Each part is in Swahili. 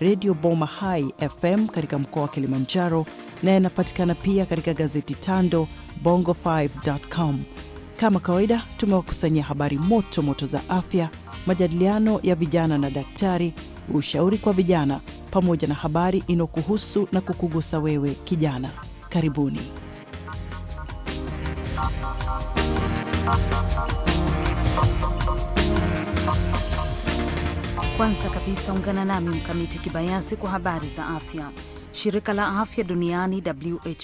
redio Boma Hai FM katika mkoa wa Kilimanjaro na yanapatikana pia katika gazeti Tando bongo 5com Kama kawaida, tumewakusanyia habari moto moto za afya, majadiliano ya vijana na daktari, ushauri kwa vijana, pamoja na habari inayokuhusu na kukugusa wewe kijana. Karibuni. Kwanza kabisa ungana nami Mkamiti Kibayasi kwa habari za afya. Shirika la Afya Duniani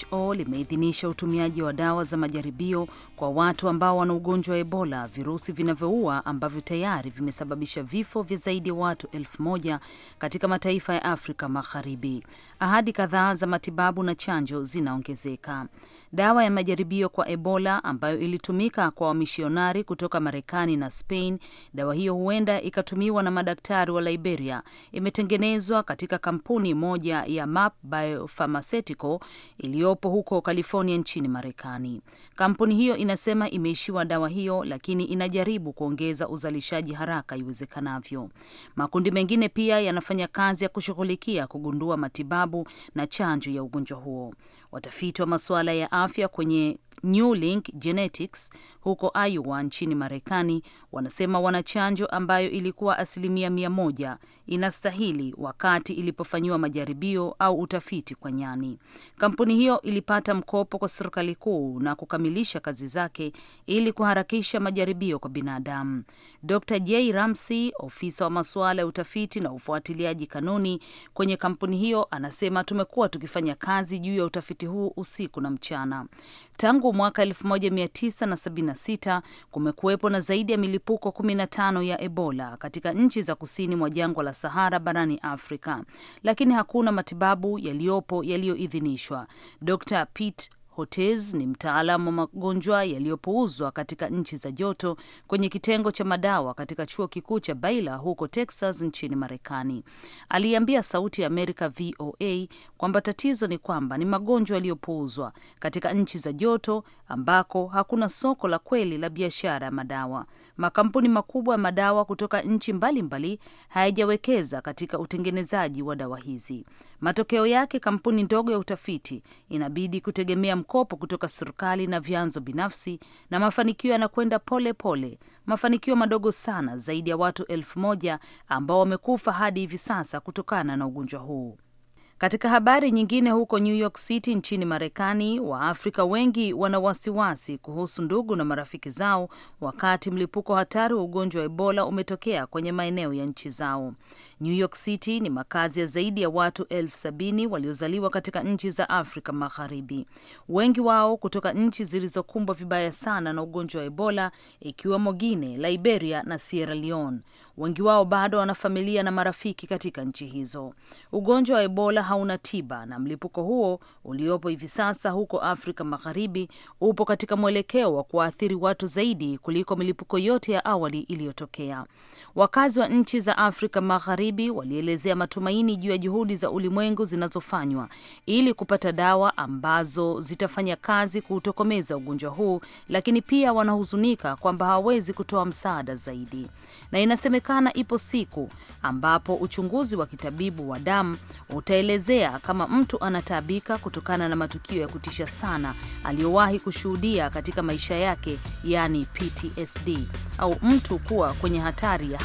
WHO limeidhinisha utumiaji wa dawa za majaribio kwa watu ambao wana ugonjwa wa Ebola, virusi vinavyoua ambavyo tayari vimesababisha vifo vya zaidi ya watu elfu moja katika mataifa ya Afrika Magharibi. Ahadi kadhaa za matibabu na chanjo zinaongezeka. Dawa ya majaribio kwa Ebola ambayo ilitumika kwa wamishionari kutoka Marekani na Spain, dawa hiyo huenda ikatumiwa na madaktari wa Liberia, imetengenezwa katika kampuni moja ya MAP Biopharmaceutical iliyopo huko California nchini Marekani. Kampuni hiyo inasema imeishiwa dawa hiyo, lakini inajaribu kuongeza uzalishaji haraka iwezekanavyo. Makundi mengine pia yanafanya kazi ya kushughulikia kugundua matibabu na chanjo ya ugonjwa huo. Watafiti wa masuala ya afya kwenye Newlink Genetics huko Iowa nchini Marekani wanasema wana chanjo ambayo ilikuwa asilimia mia moja inastahili wakati ilipofanyiwa majaribio au utafiti kwa nyani. Kampuni hiyo ilipata mkopo kwa serikali kuu na kukamilisha kazi zake ili kuharakisha majaribio kwa binadamu. Dr J Ramsey, ofisa wa masuala ya utafiti na ufuatiliaji kanuni kwenye kampuni hiyo, anasema tumekuwa tukifanya kazi juu ya utafiti huu usiku na mchana tangu mwaka 1976 kumekuwepo na zaidi ya milipuko 15 ya Ebola katika nchi za kusini mwa jangwa la Sahara barani Afrika, lakini hakuna matibabu yaliyopo yaliyoidhinishwa. Dr Pete Hotez ni mtaalamu wa magonjwa yaliyopuuzwa katika nchi za joto kwenye kitengo cha madawa katika chuo kikuu cha Baylor huko Texas nchini Marekani. Aliambia Sauti ya Amerika VOA kwamba tatizo ni kwamba ni magonjwa yaliyopuuzwa katika nchi za joto ambako hakuna soko la kweli la biashara ya madawa. Makampuni makubwa ya madawa kutoka nchi mbalimbali hayajawekeza katika utengenezaji wa dawa hizi. Matokeo yake kampuni ndogo ya utafiti inabidi kutegemea mkopo kutoka serikali na vyanzo binafsi, na mafanikio yanakwenda pole pole, mafanikio madogo sana. Zaidi ya watu elfu moja ambao wamekufa hadi hivi sasa kutokana na ugonjwa huu. Katika habari nyingine, huko New York City nchini Marekani, Waafrika wengi wana wasiwasi kuhusu ndugu na marafiki zao wakati mlipuko hatari wa ugonjwa wa Ebola umetokea kwenye maeneo ya nchi zao. New York City ni makazi ya zaidi ya watu elfu sabini waliozaliwa katika nchi za Afrika Magharibi, wengi wao kutoka nchi zilizokumbwa vibaya sana na ugonjwa wa Ebola, ikiwemo Guinea, Liberia na Sierra Leone. Wengi wao bado wana familia na marafiki katika nchi hizo. Ugonjwa wa Ebola hauna tiba na mlipuko huo uliopo hivi sasa huko Afrika Magharibi upo katika mwelekeo wa kuwaathiri watu zaidi kuliko milipuko yote ya awali iliyotokea. Wakazi wa nchi za Afrika Magharibi walielezea matumaini juu ya juhudi za ulimwengu zinazofanywa ili kupata dawa ambazo zitafanya kazi kuutokomeza ugonjwa huu, lakini pia wanahuzunika kwamba hawawezi kutoa msaada zaidi. Na inasemekana ipo siku ambapo uchunguzi wa kitabibu wa damu utaelezea kama mtu anataabika kutokana na matukio ya kutisha sana aliyowahi kushuhudia katika maisha yake, yani PTSD, au mtu kuwa kwenye hatari ya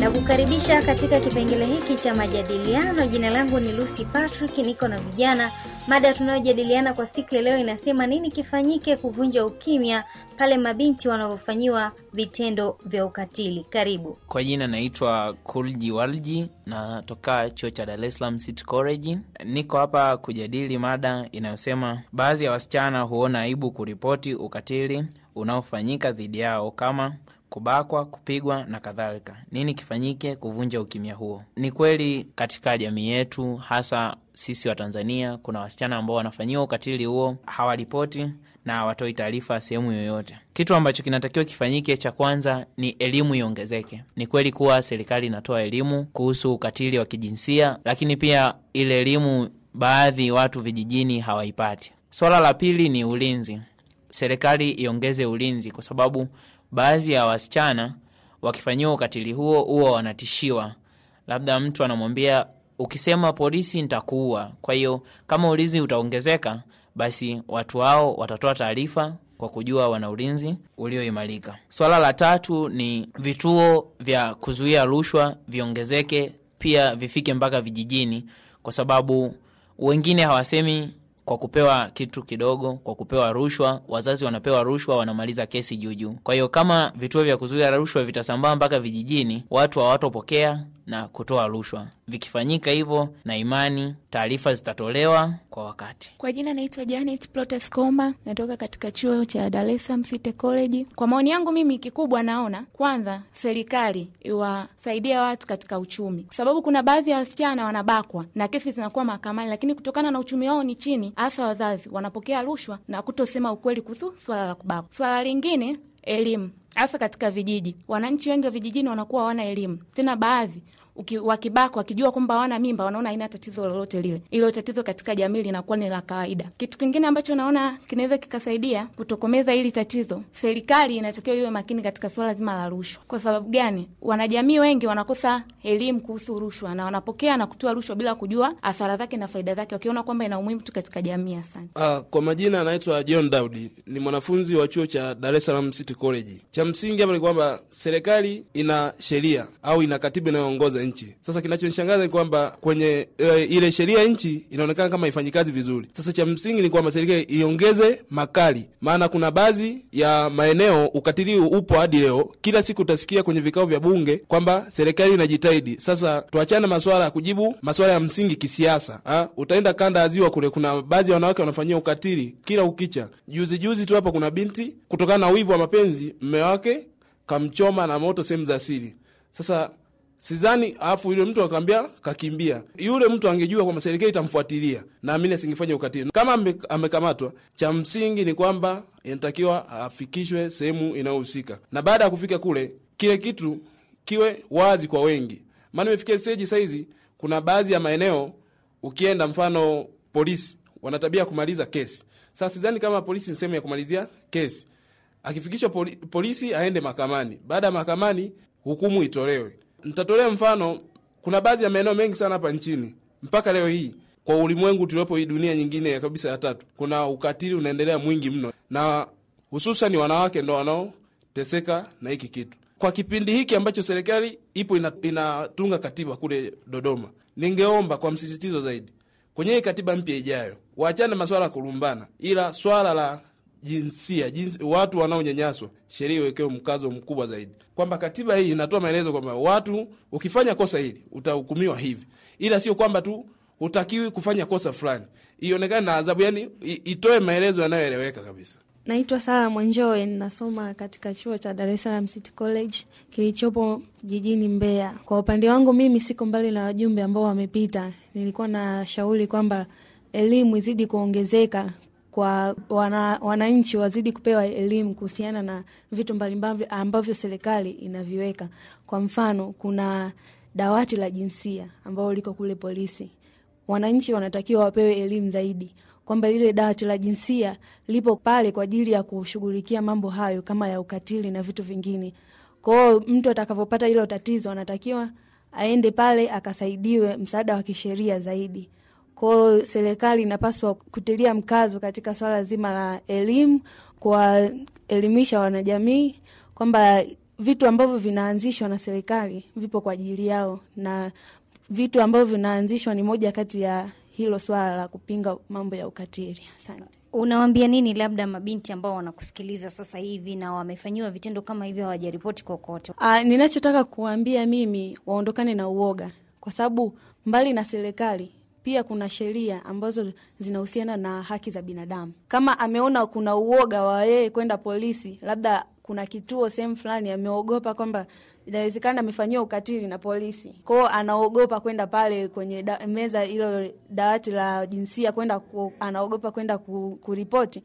na kukaribisha katika kipengele hiki cha majadiliano. Jina langu ni Lucy Patrick, niko na vijana. Mada tunayojadiliana kwa siku ya leo inasema nini kifanyike kuvunja ukimya pale mabinti wanavyofanyiwa vitendo vya ukatili. Karibu. Kwa jina naitwa Kulji Walji, natoka chuo cha Dar es Salaam City College. Niko hapa kujadili mada inayosema baadhi ya wasichana huona aibu kuripoti ukatili unaofanyika dhidi yao kama kubakwa, kupigwa na kadhalika. Nini kifanyike kuvunja ukimya huo? Ni kweli katika jamii yetu, hasa sisi wa Tanzania, kuna wasichana ambao wanafanyiwa ukatili huo, hawaripoti na hawatoi taarifa sehemu yoyote. Kitu ambacho kinatakiwa kifanyike cha kwanza ni elimu iongezeke. Ni kweli kuwa serikali inatoa elimu kuhusu ukatili wa kijinsia, lakini pia ile elimu baadhi watu vijijini hawaipati. Swala la pili ni ulinzi. Serikali iongeze ulinzi kwa sababu baadhi ya wasichana wakifanyiwa ukatili huo huwa wanatishiwa, labda mtu anamwambia ukisema polisi ntakuua Kwa hiyo kama ulinzi utaongezeka, basi watu hao watatoa taarifa kwa kujua wana ulinzi ulioimarika. Swala la tatu ni vituo vya kuzuia rushwa viongezeke, pia vifike mpaka vijijini, kwa sababu wengine hawasemi kwa kupewa kitu kidogo, kwa kupewa rushwa. Wazazi wanapewa rushwa, wanamaliza kesi juujuu. Kwa hiyo kama vituo vya kuzuia rushwa vitasambaa mpaka vijijini, watu hawatopokea na kutoa rushwa. Vikifanyika hivyo, na imani taarifa zitatolewa kwa wakati. Kwa jina naitwa Janet Protes Koma, natoka katika chuo cha Dar es Salaam City College. Kwa maoni yangu mimi, kikubwa naona kwanza serikali iwasaidia watu katika uchumi, kwa sababu kuna baadhi ya wasichana wanabakwa na kesi zinakuwa mahakamani, lakini kutokana na uchumi wao ni chini, hasa wazazi wanapokea rushwa na kutosema ukweli kuhusu swala la kubakwa. Swala lingine elimu hasa katika vijiji, wananchi wengi wa vijijini wanakuwa hawana elimu, tena baadhi wakibakwa, wakijua kwamba hawana mimba, wanaona haina tatizo lolote lile. Ilo tatizo katika jamii linakuwa ni la kawaida. Kitu kingine ambacho naona kinaweza kikasaidia kutokomeza hili tatizo, serikali inatakiwa iwe makini katika swala zima la rushwa. Kwa sababu gani? Wanajamii wengi wanakosa elimu kuhusu rushwa na wanapokea na kutoa rushwa bila kujua athara zake na faida zake, wakiona kwamba ina umuhimu tu katika jamii. Sana. Uh, kwa majina anaitwa John Daudi, ni mwanafunzi wa chuo cha Dar es Salaam City College. Cha msingi hapa ni kwamba serikali ina sheria au ina katiba inayoongoza nchi. Sasa kinachonishangaza ni kwamba kwenye e, ile sheria nchi inaonekana kama ifanyi kazi vizuri. Sasa cha msingi ni kwamba serikali iongeze makali, maana kuna baadhi ya maeneo ukatili upo hadi leo. Kila siku utasikia kwenye vikao vya bunge kwamba serikali inajitahidi. Sasa tuachane maswala ya kujibu maswala ya msingi kisiasa ha? Utaenda kanda ya ziwa kule, kuna baadhi ya wanawake wanafanyia ukatili kila ukicha. Juzi juzi tu hapa kuna binti kutokana na wivu wa mapenzi, mme wake kamchoma na moto sehemu za siri. Sasa sizani Alafu yule mtu akaambia kakimbia. Yule mtu angejua kwamba serikali itamfuatilia, naamini asingefanya ukatili. Kama amekamatwa, cha msingi ni kwamba inatakiwa afikishwe sehemu inayohusika, na baada ya kufika kule, kile kitu kiwe wazi kwa wengi, maana imefikia steji saizi, kuna baadhi ya maeneo ukienda, mfano polisi wanatabia kumaliza kesi. Sasa sidhani kama polisi ni sehemu ya kumalizia kesi. Akifikishwa poli, polisi aende mahakamani, baada ya mahakamani hukumu itolewe. Nitatolea mfano, kuna baadhi ya maeneo mengi sana hapa nchini mpaka leo hii kwa ulimwengu tuliopo, hii dunia nyingine kabisa ya tatu, kuna ukatili unaendelea mwingi mno, na hususan wanawake ndo wanaoteseka na hiki kitu. Kwa kipindi hiki ambacho serikali ipo inatunga katiba kule Dodoma, ningeomba kwa msisitizo zaidi kwenye hii katiba mpya ijayo, waachane maswala ya kulumbana, ila swala la jinsia jins, watu wanaonyanyaswa sheria iwekewe mkazo mkubwa zaidi, kwamba katiba hii inatoa maelezo kwamba watu, ukifanya kosa hili utahukumiwa hivi, ila sio kwamba tu hutakiwi kufanya kosa fulani, ionekane na adhabu, yani itoe maelezo yanayoeleweka kabisa. Naitwa Sara Mwenjoe, ninasoma katika chuo cha Dar es Salaam City College kilichopo jijini Mbeya. Kwa upande wangu mimi siko mbali na wajumbe ambao wamepita, nilikuwa na shauri kwamba elimu izidi kuongezeka kwa wananchi wazidi kupewa elimu kuhusiana na vitu mbalimbali ambavyo serikali inaviweka. Kwa mfano, kuna dawati la jinsia ambalo liko kule polisi. Wananchi wanatakiwa wapewe elimu zaidi kwamba lile dawati la jinsia lipo pale kwa ajili ya kushughulikia mambo hayo kama ya ukatili na vitu vingine. Kwao mtu atakavyopata hilo tatizo, anatakiwa aende pale akasaidiwe msaada wa kisheria zaidi kwao serikali inapaswa kutilia mkazo katika swala zima la elimu, kuwaelimisha wanajamii kwamba vitu ambavyo vinaanzishwa na serikali vipo kwa ajili yao, na vitu ambavyo vinaanzishwa ni moja kati ya hilo swala la kupinga mambo ya ukatili. Asante. Unawambia nini labda mabinti ambao wanakusikiliza sasa hivi na wamefanyiwa vitendo kama hivyo hawajaripoti kokote? Ah, ninachotaka kuwambia mimi waondokane na uoga, kwa sababu mbali na serikali pia kuna sheria ambazo zinahusiana na haki za binadamu. Kama ameona kuna uoga wa yeye kwenda polisi, labda kuna kituo sehemu fulani, ameogopa kwamba inawezekana amefanyiwa ukatili na polisi, kwao anaogopa kwenda pale kwenye da, meza ilo dawati la jinsia kwenda ku, anaogopa kwenda ku, kuripoti.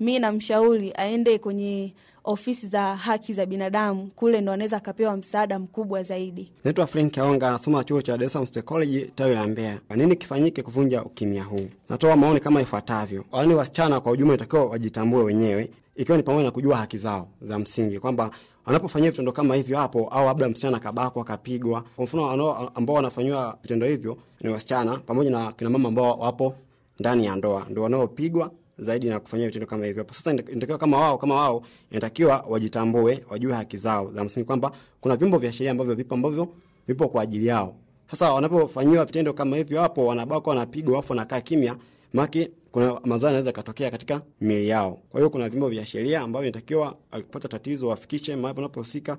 Mi namshauri aende kwenye ofisi za haki za binadamu kule ndo anaweza akapewa msaada mkubwa zaidi. Naitwa Frank Aonga, anasoma chuo cha Dar es Salaam State College tawi la Mbeya. Nini kifanyike kuvunja ukimya huu? Natoa maoni kama ifuatavyo. Yaani, wasichana kwa ujumla inatakiwa wajitambue wenyewe, ikiwa ni pamoja na kujua haki zao za msingi kwamba wanapofanyia vitendo kama hivyo hapo, au labda msichana akabakwa, akapigwa, kwa mfano, ambao wanafanyiwa vitendo hivyo ni wasichana pamoja na kinamama ambao wapo ndani ya ndoa, ndo wanaopigwa zaidi na kufanyia vitendo kama hivyo. sasa inatakiwa kama wao kama wao inatakiwa wajitambue, wajue haki zao za msingi kwamba kuna vyombo vya sheria ambavyo vipo ambavyo vipo kwa ajili yao. Sasa wanapofanyiwa vitendo kama hivyo, hapo wanabakwa, wanapigwa, afu wanakaa kimya maki kuna madhara yanaweza katokea katika miili yao. Kwa hiyo kuna vyombo vya sheria ambavyo inatakiwa akipata tatizo wafikishe mahali panapohusika,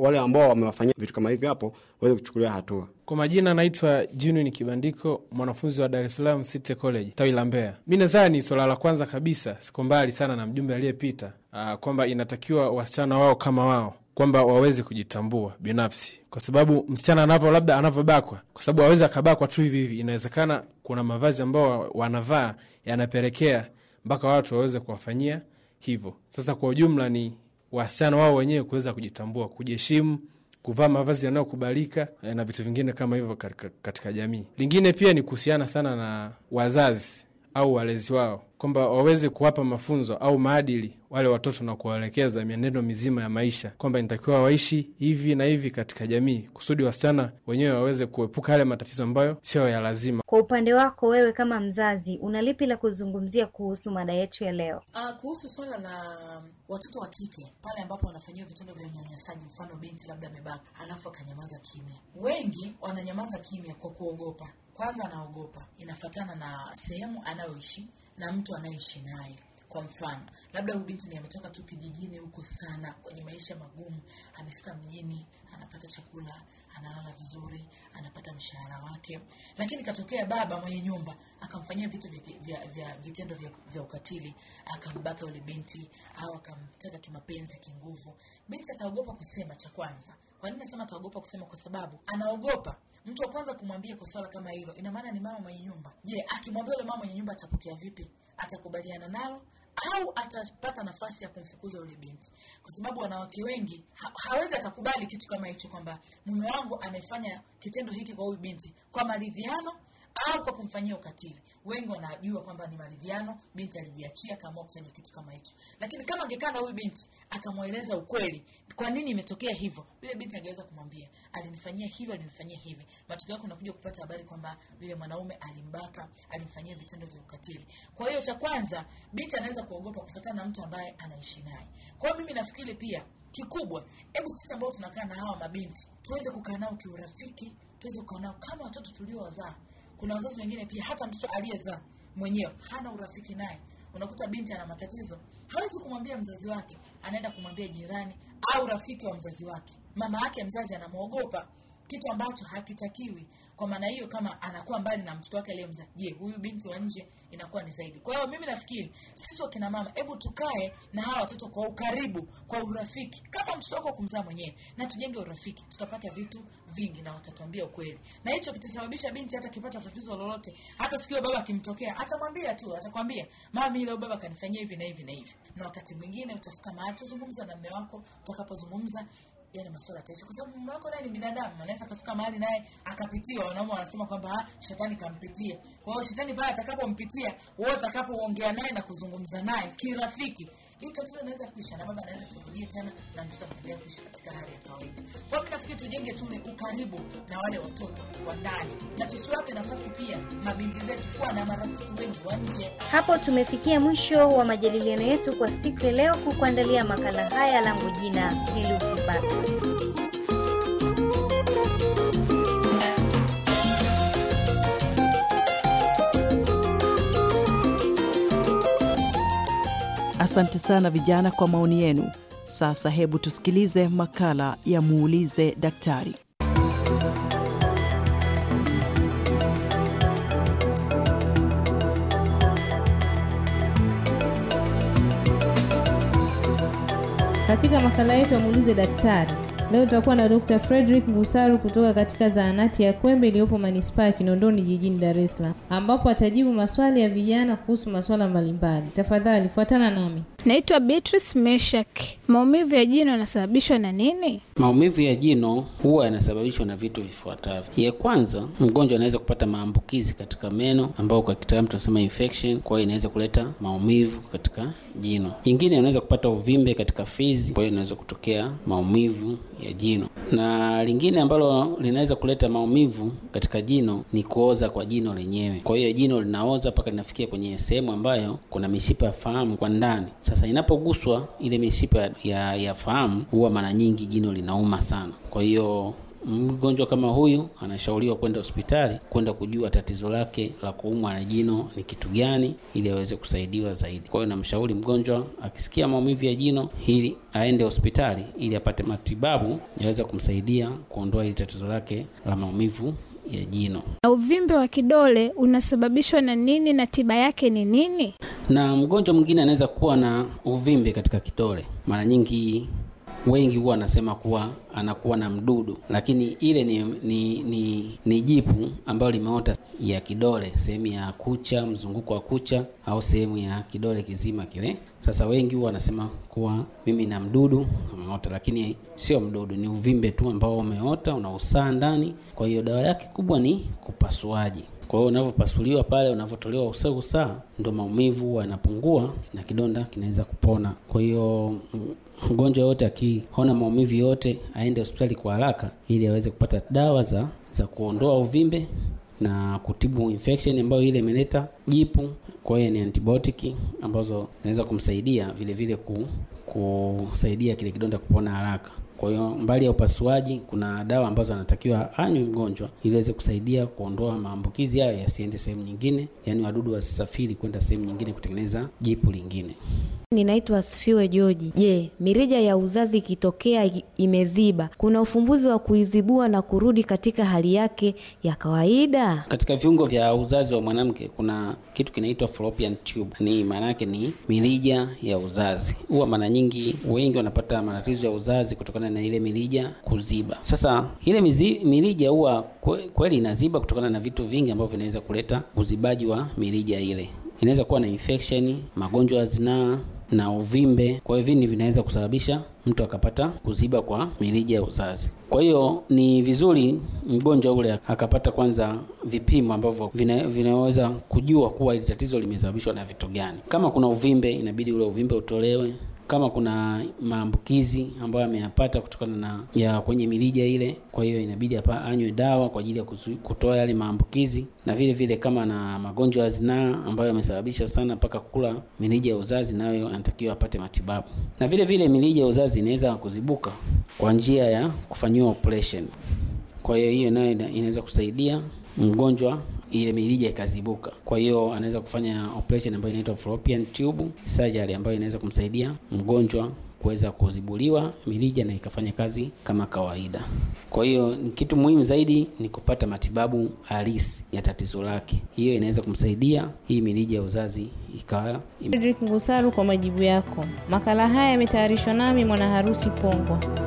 wale ambao wamewafanyia vitu kama hivyo hapo waweze kuchukuliwa hatua. Kwa majina anaitwa ni Kibandiko, mwanafunzi wa Dar es Salaam City College tawi la Mbeya. Mi nadhani swala la kwanza kabisa, siko mbali sana na mjumbe aliyepita, ah, kwamba inatakiwa wasichana wao kama wao kwamba waweze kujitambua binafsi, kwa sababu msichana anavyo labda anavyobakwa, kwa sababu aweze akabakwa tu hivi hivi, inawezekana kuna mavazi ambao wanavaa yanapelekea mpaka watu waweze kuwafanyia hivyo. Sasa kwa ujumla ni wasichana wao wenyewe kuweza kujitambua, kujiheshimu, kuvaa mavazi yanayokubalika eh, na vitu vingine kama hivyo katika jamii. Lingine pia ni kuhusiana sana na wazazi au walezi wao, kwamba waweze kuwapa mafunzo au maadili wale watoto na kuwaelekeza mienendo mizima ya maisha kwamba inatakiwa waishi hivi na hivi katika jamii, kusudi wasichana wenyewe waweze kuepuka yale matatizo ambayo sio ya lazima. Kwa upande wako wewe kama mzazi, una lipi la kuzungumzia kuhusu mada yetu ya leo? Uh, kuhusu swala la um, watoto wa kike pale ambapo wanafanyiwa vitendo vya unyanyasaji, mfano binti labda amebaka alafu akanyamaza kimya. Wengi wananyamaza kimya kwa kuogopa. Kwanza anaogopa, inafatana na sehemu anayoishi na mtu anayeishi naye kwa mfano, labda huyu binti ni ametoka tu kijijini huko sana kwenye maisha magumu, amefika mjini, anapata chakula, analala vizuri, anapata mshahara wake, lakini katokea baba mwenye nyumba akamfanyia vitu vya, vya, vya vitendo vya, vya ukatili, akambaka yule binti au akamtaka kimapenzi, kinguvu. Binti ataogopa kusema, cha kwanza. Kwa nini nasema ataogopa kusema? Kwa sababu anaogopa mtu wa kwanza kumwambia kwa swala kama hilo, ina maana ni mama mwenye nyumba. Je, akimwambia yule mama mwenye nyumba atapokea vipi? Atakubaliana nalo au atapata nafasi ya kumfukuza yule binti, kwa sababu wanawake wengi ha hawezi akakubali kitu kama hicho, kwamba mume wangu amefanya kitendo hiki kwa huyu binti kwa maridhiano au kwa kumfanyia ukatili. Wengi wanajua kwamba ni maridhiano, binti alijiachia, kama kufanya kitu kama hicho. Lakini kama angekaa na huyu binti akamweleza ukweli, kwa nini imetokea hivyo, yule binti angeweza kumwambia alinifanyia hivyo, alinifanyia hivi. Matokeo yake unakuja kupata habari kwamba yule mwanaume alimbaka, alimfanyia vitendo vya ukatili. Kwa hiyo, cha kwanza binti anaweza kuogopa kufuatana na mtu ambaye anaishi naye. Kwa hiyo, mimi nafikiri pia kikubwa, hebu sisi ambao tunakaa na hawa mabinti tuweze kukaa nao kiurafiki, tuweze kukaa nao kama watoto tuliowazaa kuna wazazi wengine pia, hata mtoto aliyezaa mwenyewe hana urafiki naye. Unakuta binti ana matatizo, hawezi kumwambia mzazi wake, anaenda kumwambia jirani au rafiki wa mzazi wake. Mama yake mzazi anamwogopa, kitu ambacho hakitakiwi. Kwa maana hiyo, kama anakuwa mbali na mtoto wake aliyemzaa, je, huyu binti wa nje inakuwa ni zaidi. Kwa hiyo mimi nafikiri sisi wakina mama, hebu tukae na hawa watoto kwa ukaribu, kwa urafiki, kama mtoto wako kumzaa mwenyewe, na tujenge urafiki. Tutapata vitu vingi na watatuambia ukweli, na hicho kitasababisha binti hata akipata tatizo lolote, hata sikio baba akimtokea, atamwambia tu, atakwambia mami, leo baba kanifanyia hivi na hivi na hivi. Na wakati mwingine utafika mahali, tuzungumza na mume wako, utakapozungumza yale masuala yataisha, kwa sababu mume wako naye ni binadamu, anaweza akafika mahali naye akapitia. Wanaume wanasema kwamba ah, shetani kampitia. Kwa hiyo shetani pale atakapompitia, wewe utakapoongea naye na kuzungumza naye kirafiki, hii tatizo anaweza kuisha na baba anaweza simulie tena, na mtoto anaendelea kuishi katika hali ya kawaida. Kwa hiyo nafikiri tujenge tume ukaribu na wale watoto wa ndani, na tusiwape nafasi pia mabinti zetu kuwa na marafiki wengi wa nje. Hapo tumefikia mwisho wa majadiliano yetu kwa siku ya leo. Kukuandalia makala haya, langu jina ni Luti Asante sana vijana kwa maoni yenu. Sasa hebu tusikilize makala ya muulize daktari. Katika makala yetu ya muulize daktari Leo tutakuwa na Dr. Frederick Ngusaru kutoka katika zahanati ya Kwembe iliyopo manispaa ya Kinondoni jijini Dar es Salaam, ambapo atajibu maswali ya vijana kuhusu masuala mbalimbali. Tafadhali fuatana nami. Naitwa Beatrice Meshak. Maumivu ya jino yanasababishwa na nini? Maumivu ya jino huwa yanasababishwa na vitu vifuatavyo. Ya kwanza, mgonjwa anaweza kupata maambukizi katika meno ambayo kwa kitaalamu tunasema infection, kwa hiyo inaweza kuleta maumivu katika jino. Nyingine, anaweza kupata uvimbe katika fizi, kwa hiyo inaweza kutokea maumivu ya jino. Na lingine ambalo linaweza kuleta maumivu katika jino ni kuoza kwa jino lenyewe, kwa hiyo jino linaoza mpaka linafikia kwenye sehemu ambayo kuna mishipa ya fahamu kwa ndani. Sasa sasa inapoguswa ile mishipa ya, ya fahamu huwa mara nyingi jino linauma sana, kwa hiyo mgonjwa kama huyu anashauriwa kwenda hospitali kwenda kujua tatizo lake la kuumwa na jino ni kitu gani, ili aweze kusaidiwa zaidi. Kwa hiyo namshauri mgonjwa akisikia maumivu ya jino hili aende hospitali ili apate matibabu yaweza kumsaidia kuondoa hili tatizo lake la maumivu ya jino. Na uvimbe wa kidole unasababishwa na nini na tiba yake ni nini? Na mgonjwa mwingine anaweza kuwa na uvimbe katika kidole, mara nyingi wengi huwa wanasema kuwa anakuwa na mdudu, lakini ile ni, ni, ni, ni jipu ambayo limeota ya kidole, sehemu ya kucha, mzunguko wa kucha au sehemu ya kidole kizima kile. Sasa wengi huwa wanasema kuwa mimi na mdudu ameota, lakini sio mdudu, ni uvimbe tu ambao umeota una usaa ndani. Kwa hiyo dawa yake kubwa ni kupasuaji. Kwa hiyo unavyopasuliwa pale, unavyotolewa useu saa, ndo maumivu yanapungua na kidonda kinaweza kupona. Kwa hiyo mm, mgonjwa yoyote akiona maumivu yote aende hospitali kwa haraka, ili aweze kupata dawa za za kuondoa uvimbe na kutibu infection ambayo ile imeleta jipu. Kwa hiyo ni antibiotic ambazo zinaweza kumsaidia vile vile ku, kusaidia kile kidonda kupona haraka. Kwa hiyo mbali ya upasuaji, kuna dawa ambazo anatakiwa anywe mgonjwa ili iweze kusaidia kuondoa maambukizi hayo yasiende sehemu nyingine, yaani wadudu wasisafiri kwenda sehemu nyingine kutengeneza jipu lingine. Ninaitwa Sifiwe Joji. Je, mirija ya uzazi ikitokea imeziba, kuna ufumbuzi wa kuizibua na kurudi katika hali yake ya kawaida? Katika viungo vya uzazi wa mwanamke kuna kitu kinaitwa fallopian tube, ni maana yake ni mirija ya uzazi. Huwa mara nyingi wengi wanapata matatizo ya uzazi kutokana na ile mirija kuziba. Sasa ile mirija huwa kweli inaziba kutokana na vitu vingi ambavyo vinaweza kuleta uzibaji wa mirija ile. Inaweza kuwa na infection, magonjwa ya zinaa na uvimbe. Kwa hiyo vini vinaweza kusababisha mtu akapata kuziba kwa mirija ya uzazi. Kwa hiyo ni vizuri mgonjwa ule akapata kwanza vipimo ambavyo vina, vinaweza kujua kuwa ili tatizo limesababishwa na vitu gani. Kama kuna uvimbe, inabidi ule uvimbe utolewe kama kuna maambukizi ambayo ameyapata kutokana na ya kwenye mirija ile, kwa hiyo inabidi hapa anywe dawa kwa ajili ya kutoa yale maambukizi, na vile vile kama na magonjwa ya zinaa ambayo yamesababisha sana mpaka kula mirija ya uzazi, nayo anatakiwa apate matibabu. Na vile vile mirija ya uzazi inaweza kuzibuka kwa njia ya kufanyiwa operation, kwa hiyo hiyo nayo inaweza kusaidia mgonjwa ile mirija ikazibuka. Kwa hiyo anaweza kufanya operation ambayo inaitwa fallopian tube surgery ambayo inaweza kumsaidia mgonjwa kuweza kuzibuliwa mirija na ikafanya kazi kama kawaida. Kwa hiyo kitu muhimu zaidi ni kupata matibabu halisi ya tatizo lake, hiyo inaweza kumsaidia hii mirija ya uzazi ikawa. Fredrick Ngusaru kwa majibu yako. Makala haya yametayarishwa nami mwana harusi Pongwa.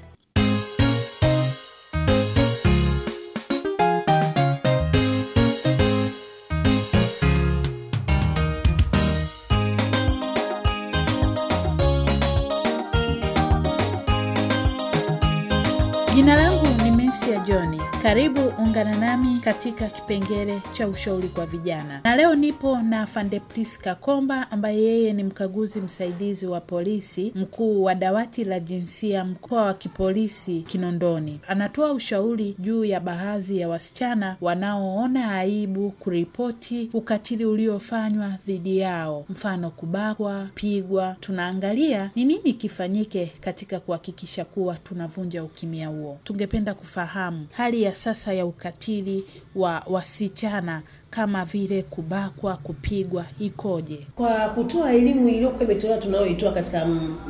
Karibu ungana nami katika kipengele cha ushauri kwa vijana, na leo nipo na Fandeplis Kakomba ambaye yeye ni mkaguzi msaidizi wa polisi mkuu wa dawati la jinsia mkoa wa kipolisi Kinondoni. Anatoa ushauri juu ya baadhi ya wasichana wanaoona aibu kuripoti ukatili uliofanywa dhidi yao, mfano kubakwa, pigwa. Tunaangalia ni nini kifanyike katika kuhakikisha kuwa tunavunja ukimia huo. Tungependa kufahamu hali ya sasa ya ukatili wa wasichana kama vile kubakwa, kupigwa ikoje? Kwa kutoa elimu iliyokuwa imetolewa tunayoitoa katika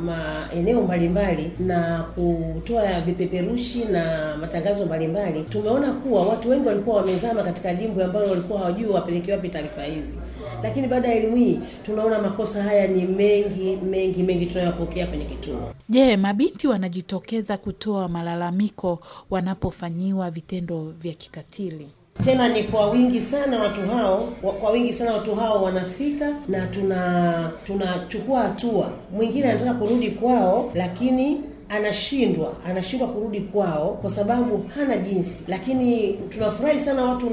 maeneo mbalimbali na kutoa vipeperushi na matangazo mbalimbali, tumeona kuwa watu wengi walikuwa wamezama katika dimbu ambalo walikuwa hawajui wapelekewe wapi taarifa hizi, lakini baada ya elimu hii tunaona makosa haya ni mengi mengi mengi tunayopokea kwenye kituo. Je, mabinti wanajitokeza kutoa malalamiko wanapofanyiwa vitendo vya kikatili? Tena ni kwa wingi sana watu hao, kwa wingi sana watu hao wanafika na tuna tunachukua hatua. Mwingine anataka kurudi kwao, lakini anashindwa anashindwa kurudi kwao kwa sababu hana jinsi. Lakini tunafurahi sana watu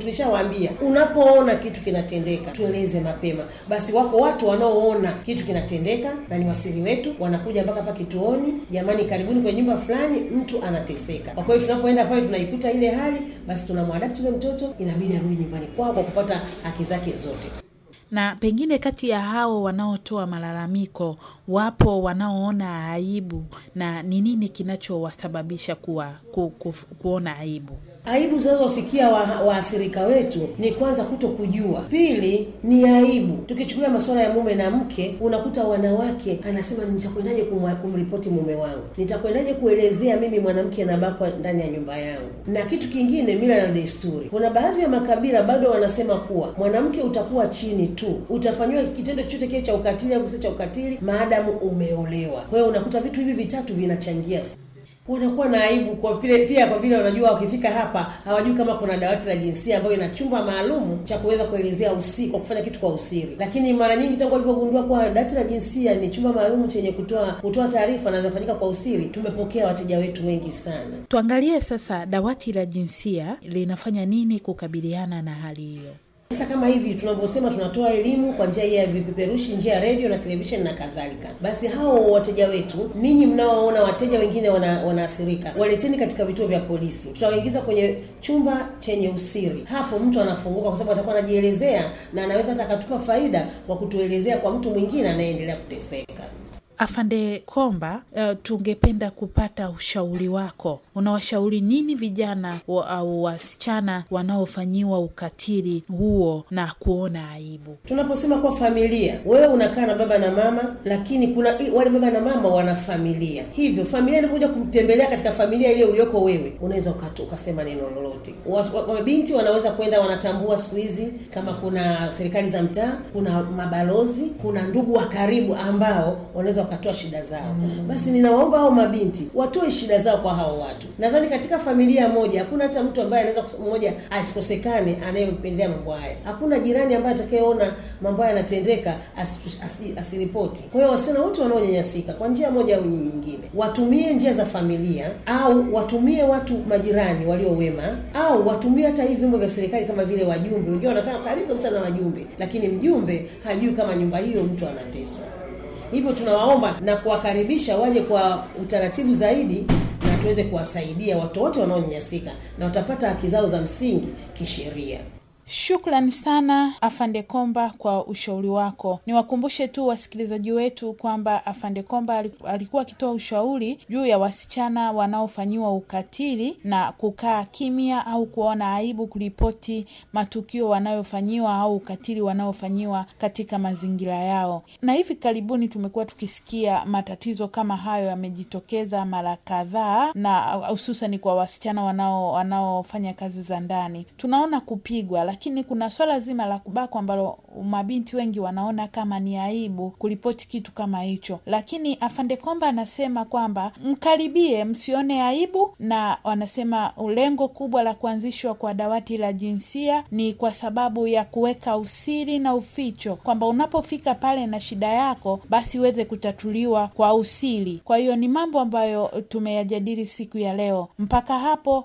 tulishawaambia, unapoona kitu kinatendeka tueleze mapema. Basi wako watu wanaoona kitu kinatendeka na ni wasiri wetu, wanakuja mpaka hapa kituoni, jamani, karibuni kwenye nyumba fulani, mtu anateseka. Kwa kweli tunapoenda pale tunaikuta ile hali, basi tunamwadapti ule mtoto, inabidi arudi nyumbani kwao kwa kupata haki zake zote. Na pengine kati ya hao wanaotoa malalamiko wapo wanaoona aibu, na ni nini kinachowasababisha kuwa ku, ku, kuona aibu? Aibu zinazowafikia waathirika wa wetu ni kwanza kuto kujua, pili ni aibu. Tukichukulia masuala ya mume na mke, unakuta wanawake anasema nitakwendaje kumripoti mume wangu, nitakwendaje kuelezea mimi mwanamke nabakwa ndani ya nyumba yangu. Na kitu kingine, mila na desturi. Kuna baadhi ya makabila bado wanasema kuwa mwanamke utakuwa chini tu, utafanyiwa kitendo chochote kile cha ukatili au kisio cha ukatili maadamu umeolewa. Kwa hiyo unakuta vitu hivi vitatu vinachangia wanakuwa na aibu kwa vile pia kwa vile wanajua wakifika hapa hawajui kama kuna dawati la jinsia ambayo ina chumba maalum cha kuweza kuelezea usiri kwa kufanya kitu kwa usiri. Lakini mara nyingi tangu walivyogundua kuwa dawati la jinsia ni chumba maalum chenye kutoa kutoa taarifa na zinafanyika kwa usiri, tumepokea wateja wetu wengi sana. Tuangalie sasa dawati la jinsia linafanya nini kukabiliana na hali hiyo. Sasa kama hivi tunavyosema, tunatoa elimu kwa njia ya vipeperushi, njia ya redio na televisheni na kadhalika, basi hao wateja wetu, ninyi mnaoona wateja wengine wana, wanaathirika, waleteni katika vituo vya polisi, tutawaingiza kwenye chumba chenye usiri. Hapo mtu anafunguka, kwa sababu atakuwa anajielezea na anaweza hata akatupa faida kwa kutuelezea kwa mtu mwingine anayeendelea kuteseka. Afande Komba, uh, tungependa kupata ushauri wako. Unawashauri nini vijana wa, au wasichana wanaofanyiwa ukatili huo na kuona aibu? Tunaposema kwa familia, wewe unakaa na baba na mama, lakini kuna wale baba na mama wana familia, hivyo familia inakuja kumtembelea katika familia ile ulioko wewe, unaweza ukasema neno lolote. Mabinti wanaweza kwenda, wanatambua siku hizi kama kuna serikali za mtaa, kuna mabalozi, kuna ndugu wa karibu ambao wanaweza wakatoa shida zao. Mm. Basi ninawaomba hao mabinti watoe shida zao kwa hao watu. Nadhani katika familia moja hakuna hata mtu ambaye anaweza mmoja asikosekane anayempendea mambo haya. Hakuna jirani ambaye atakayeona mambo haya yanatendeka asiripoti. Kwa hiyo wasichana wote wanaonyanyasika kwa njia moja au nyingine, watumie njia za familia au watumie watu majirani walio wema, au watumie hata hivi vyombo vya serikali kama vile wajumbe. Wengine wanakaa karibu kabisa na wajumbe, lakini mjumbe hajui kama nyumba hiyo mtu anateswa. Hivyo tunawaomba na kuwakaribisha waje kwa utaratibu zaidi na tuweze kuwasaidia watu wote wanaonyanyasika na watapata haki zao za msingi kisheria. Shukrani sana Afande Komba kwa ushauri wako. Niwakumbushe tu wasikilizaji wetu kwamba Afande Komba alikuwa akitoa ushauri juu ya wasichana wanaofanyiwa ukatili na kukaa kimya au kuona aibu kuripoti matukio wanayofanyiwa au ukatili wanaofanyiwa katika mazingira yao, na hivi karibuni tumekuwa tukisikia matatizo kama hayo yamejitokeza mara kadhaa, na hususani kwa wasichana wanao wanaofanya kazi za ndani, tunaona kupigwa lakini kuna swala zima la kubakwa ambalo mabinti wengi wanaona kama ni aibu kuripoti kitu kama hicho, lakini Afande Komba anasema kwamba mkaribie, msione aibu, na wanasema lengo kubwa la kuanzishwa kwa dawati la jinsia ni kwa sababu ya kuweka usiri na uficho, kwamba unapofika pale na shida yako basi weze kutatuliwa kwa usiri. Kwa hiyo ni mambo ambayo tumeyajadili siku ya leo. Mpaka hapo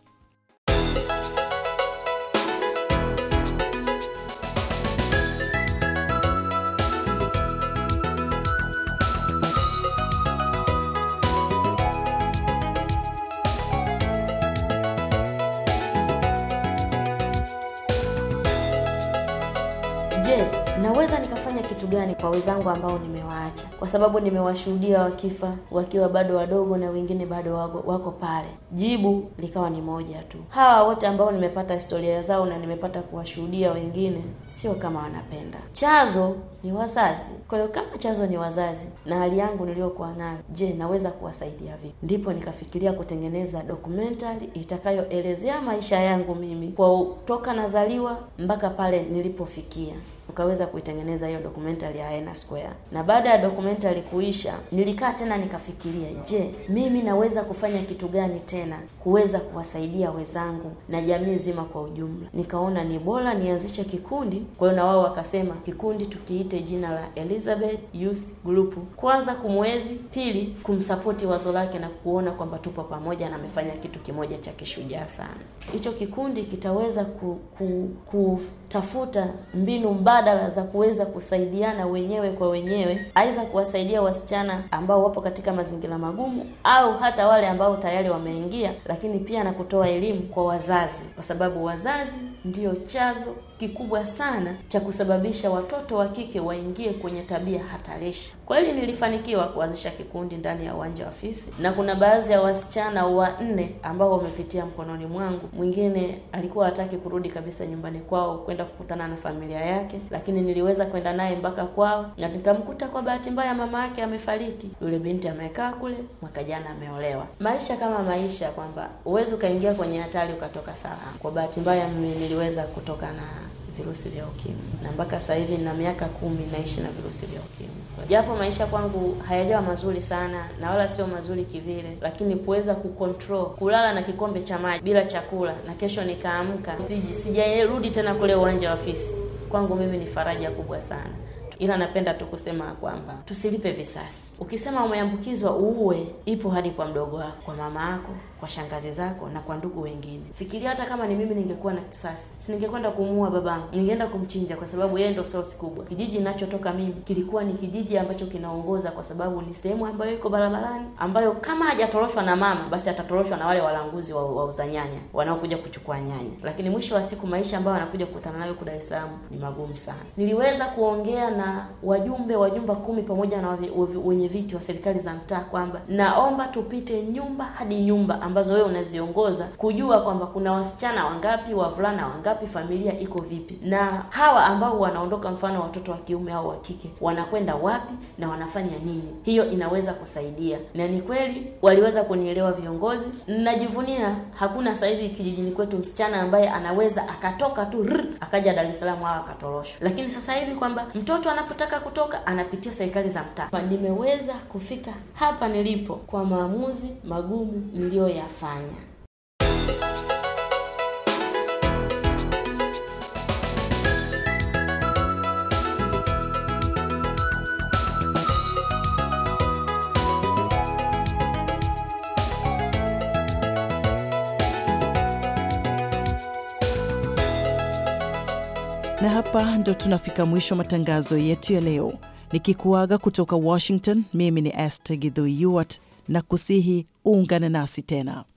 nitafanya kitu gani kwa wenzangu ambao nimewaacha, kwa sababu nimewashuhudia wakifa wakiwa bado wadogo na wengine bado wako, wako pale. Jibu likawa ni moja tu, hawa wote ambao nimepata historia zao na nimepata kuwashuhudia wengine, sio kama wanapenda chazo ni wazazi. Kwa hiyo kama chanzo ni wazazi na hali yangu niliyokuwa nayo, je, naweza kuwasaidia vipi? Ndipo nikafikiria kutengeneza documentary itakayoelezea maisha yangu mimi kwa toka nazaliwa mpaka pale nilipofikia. Tukaweza kuitengeneza hiyo documentary ya Aina Square, na baada ya documentary kuisha, nilikaa tena nikafikiria, je, mimi naweza kufanya kitu gani tena kuweza kuwasaidia wenzangu na jamii nzima kwa ujumla. Nikaona ni bora nianzishe kikundi. Kwa hiyo na wao wakasema kikundi tukiita nimwite jina la Elizabeth Youth Group. Kwanza kumwezi, pili kumsapoti wazo lake na kuona kwamba tupo pamoja na amefanya kitu kimoja cha kishujaa sana. Hicho kikundi kitaweza ku, ku, ku tafuta mbinu mbadala za kuweza kusaidiana wenyewe kwa wenyewe, aidha kuwasaidia wasichana ambao wapo katika mazingira magumu au hata wale ambao tayari wameingia, lakini pia na kutoa elimu kwa wazazi, kwa sababu wazazi ndiyo chazo kikubwa sana cha kusababisha watoto wa kike waingie kwenye tabia hatarishi. Kweli nilifanikiwa kuanzisha kikundi ndani ya uwanja wa Fisi, na kuna baadhi ya wasichana wanne ambao wamepitia mkononi mwangu. Mwingine alikuwa hataki kurudi kabisa nyumbani kwao kwenda kwenda kukutana na familia yake, lakini niliweza kwenda naye mpaka kwao na nikamkuta kwa bahati mbaya mama yake amefariki. Yule binti amekaa kule, mwaka jana ameolewa. Maisha kama maisha, kwamba huwezi ukaingia kwenye hatari ukatoka salama. Kwa bahati mbaya mimi niliweza kutoka na virusi vya ukimwi, na mpaka sasa hivi na miaka kumi naishi na virusi vya ukimwi. Japo maisha kwangu hayajawa mazuri sana na wala sio mazuri kivile, lakini kuweza kucontrol kulala na kikombe cha maji bila chakula na kesho nikaamka sijarudi tena kule uwanja wa fisi, kwangu mimi ni faraja kubwa sana ila napenda tu kusema kwamba tusilipe visasi. Ukisema umeambukizwa, uue, ipo hadi kwa mdogo wako, kwa mama yako kwa shangazi zako na kwa ndugu wengine. Fikiria hata kama ni mimi ningekuwa na kisasi, si ningekwenda kumuua babangu, ningeenda kumchinja kwa sababu yeye ndo source kubwa. Kijiji ninachotoka mimi kilikuwa ni kijiji ambacho kinaongoza kwa sababu ni sehemu ambayo iko barabarani, ambayo kama hajatoroshwa na mama, basi atatoroshwa na wale walanguzi wa wauza nyanya wanaokuja kuchukua nyanya. Lakini mwisho wa siku maisha ambayo wanakuja kukutana nayo huko Dar es Salaam ni magumu sana. Niliweza kuongea na wajumbe wa nyumba kumi pamoja na wenye viti wa serikali za mtaa kwamba naomba tupite nyumba hadi nyumba ambazo wewe unaziongoza kujua kwamba kuna wasichana wangapi, wavulana wangapi, familia iko vipi, na hawa ambao wanaondoka, mfano watoto wa kiume au wa kike, wanakwenda wapi na wanafanya nini. Hiyo inaweza kusaidia, na ni kweli waliweza kunielewa viongozi. Najivunia hakuna sasa kijijini kwetu msichana ambaye anaweza akatoka tu rr, akaja Dar es Salaam au akatoroshwa, lakini sasa hivi kwamba mtoto anapotaka kutoka anapitia serikali za mtaa. Nimeweza kufika hapa nilipo kwa maamuzi magumu niliyo kuyafanya. Na hapa ndo tunafika mwisho matangazo yetu ya leo, nikikuaga kutoka Washington. Mimi ni Esther Githu Yuart na kusihi uungane nasi tena.